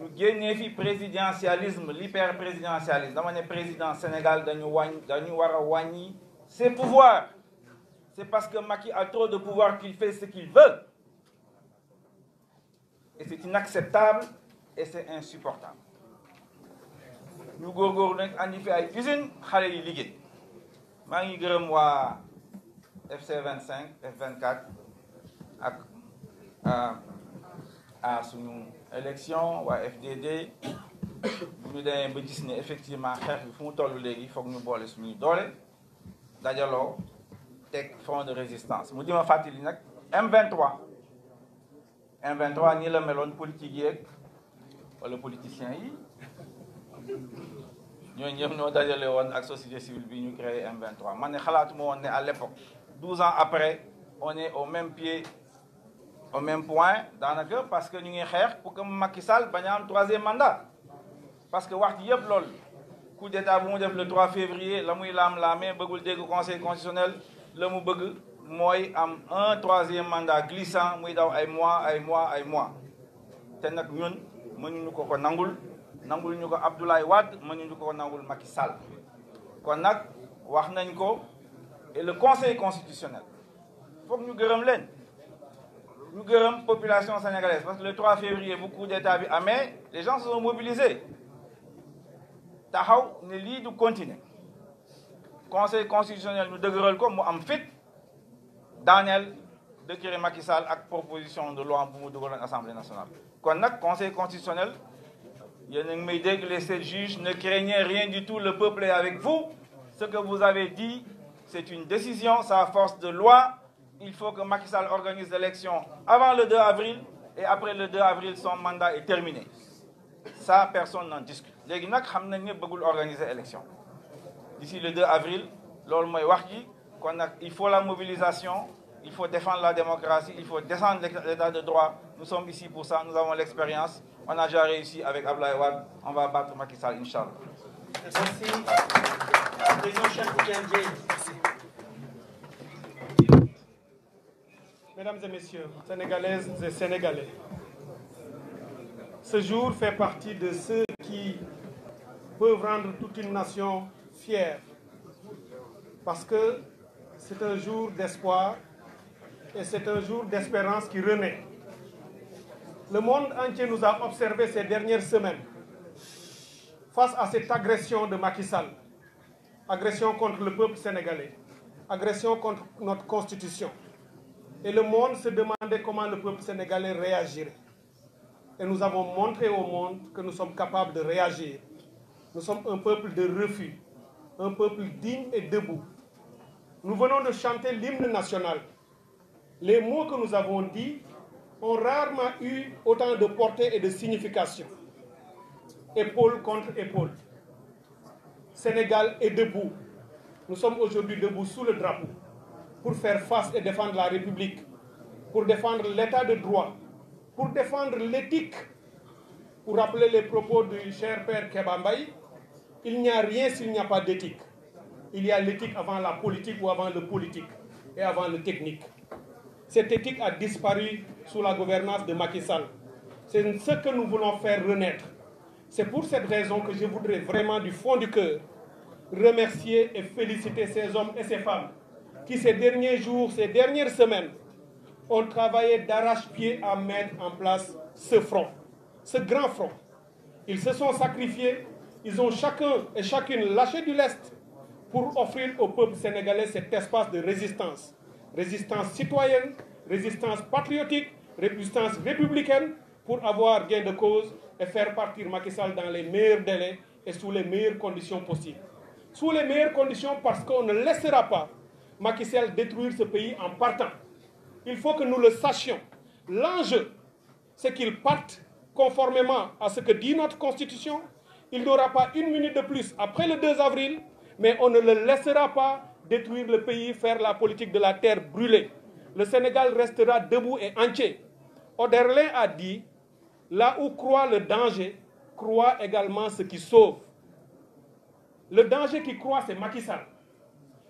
Nous avons le présidentialisme l'hyper présidentialisme dama ne président Sénégal dañu avons dañu ses pouvoirs c'est parce que Maki a trop de pouvoir qu'il fait ce qu'il veut et c'est inacceptable et c'est insupportable Nous, avons nag andi fi FC 25 F24 à son élection à FDD nous ñu ba effectivement xeex bi fu mu toll léegi foog ñu boole suñuy de résistance mu me dis fàttali M23 M23 ni le melon politique politiques, le politicien. politiciens yi ñooñu ñëpp ñoo société civile bi créé M23 Je me xalaatuma à l'époque 12 ans après on est au même pied au même point daanaka parce que nous ngi pour que Macky Sall un troisième mandat parce que wax ji yëpp coup d'état bu mu le 3 février la muy laam-laamee bëggul dégg conseil constitutionnel la mu bëgg am un troisième mandat glissant moi, daw ay mois ay mois ay mois te nag ñun mënuñu ko nangul nangul Abdoulaye Wade nous ko nangul Macky Sall kon et le conseil constitutionnel que ñu gërëm leen nous gérons population sénégalaise. Parce que le 3 février, beaucoup d'États à ah, mai, les gens se sont mobilisés. Tahaou ne lit du continent. Conseil constitutionnel nous degrel comme moi en fait Daniel de Kiré Macky Sall avec proposition de loi pour de l'Assemblée nationale. Quand le Conseil constitutionnel, il y a une que les sept juges ne craignaient rien du tout, le peuple est avec vous. Ce que vous avez dit, c'est une décision, ça a force de loi il faut que Macky Sall organise l'élection avant le 2 avril et après le 2 avril, son mandat est terminé. Ça, personne n'en discute. Les faut organiser élection d'ici le 2 avril il faut la mobilisation il faut défendre la démocratie il faut défendre l'état de droit nous sommes ici pour ça nous avons l'expérience on a déjà réussi avec Abla Wad, on va battre Macky Sall inch'Allah. Merci. Mesdames et Messieurs, Sénégalaises et Sénégalais, ce jour fait partie de ceux qui peuvent rendre toute une nation fière, parce que c'est un jour d'espoir et c'est un jour d'espérance qui renaît. Le monde entier nous a observé ces dernières semaines face à cette agression de Macky Sall, agression contre le peuple sénégalais, agression contre notre constitution. Et le monde se demandait comment le peuple sénégalais réagirait. Et nous avons montré au monde que nous sommes capables de réagir. Nous sommes un peuple de refus, un peuple digne et debout. Nous venons de chanter l'hymne national. Les mots que nous avons dits ont rarement eu autant de portée et de signification. Épaule contre épaule. Sénégal est debout. Nous sommes aujourd'hui debout sous le drapeau pour faire face et défendre la République, pour défendre l'état de droit, pour défendre l'éthique. Pour rappeler les propos du cher père Kebambaï, il n'y a rien s'il n'y a pas d'éthique. Il y a l'éthique avant la politique ou avant le politique et avant le technique. Cette éthique a disparu sous la gouvernance de Macky Sall. C'est ce que nous voulons faire renaître. C'est pour cette raison que je voudrais vraiment du fond du cœur remercier et féliciter ces hommes et ces femmes qui ces derniers jours, ces dernières semaines, ont travaillé d'arrache-pied à mettre en place ce front, ce grand front. Ils se sont sacrifiés, ils ont chacun et chacune lâché du lest pour offrir au peuple sénégalais cet espace de résistance. Résistance citoyenne, résistance patriotique, résistance républicaine, pour avoir gain de cause et faire partir Macky Sall dans les meilleurs délais et sous les meilleures conditions possibles. Sous les meilleures conditions parce qu'on ne laissera pas Macky détruire ce pays en partant. Il faut que nous le sachions. L'enjeu, c'est qu'il parte conformément à ce que dit notre Constitution. Il n'aura pas une minute de plus après le 2 avril, mais on ne le laissera pas détruire le pays, faire la politique de la terre brûlée. Le Sénégal restera debout et entier. Oderlin a dit, là où croit le danger, croit également ce qui sauve. Le danger qui croit, c'est Macky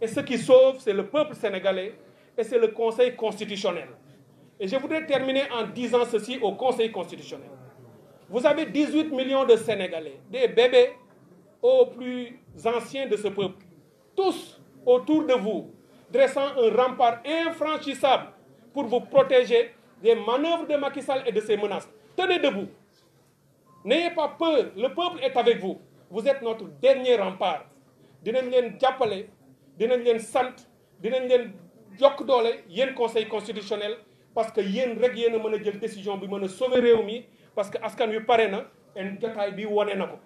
et ce qui sauve, c'est le peuple sénégalais et c'est le Conseil constitutionnel. Et je voudrais terminer en disant ceci au Conseil constitutionnel. Vous avez 18 millions de Sénégalais, des bébés aux plus anciens de ce peuple, tous autour de vous, dressant un rempart infranchissable pour vous protéger des manœuvres de Macky Sall et de ses menaces. Tenez debout. N'ayez pas peur, le peuple est avec vous. Vous êtes notre dernier rempart. Dinañ dinañ leen sant dinañ leen jokk doole yéen conseil constitutionnel parce que yéen rek yéen a mën a jël décision bi mën a sauver réew mi parce que askan wi pare na en jotaay bi wane na ko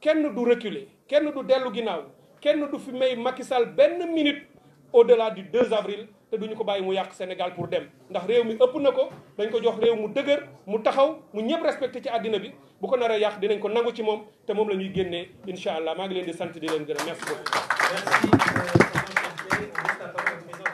kenn du reculer kenn du dellu ginnaaw kenn du fi may Macky Sall benn minute au-delà du 2 avril te duñu ko bàyyi mu yàq Sénégal pour dem ndax réew mi ëpp na ko dañ ko jox réew mu dëgër mu taxaw mu ñëpp respecté ci àddina bi bu ko naree yàq dinañ ko nangu ci moom te moom la ñuy génnee incha allah maa ngi leen di sant di leen gërëm merci beaucoup. Merci. Euh,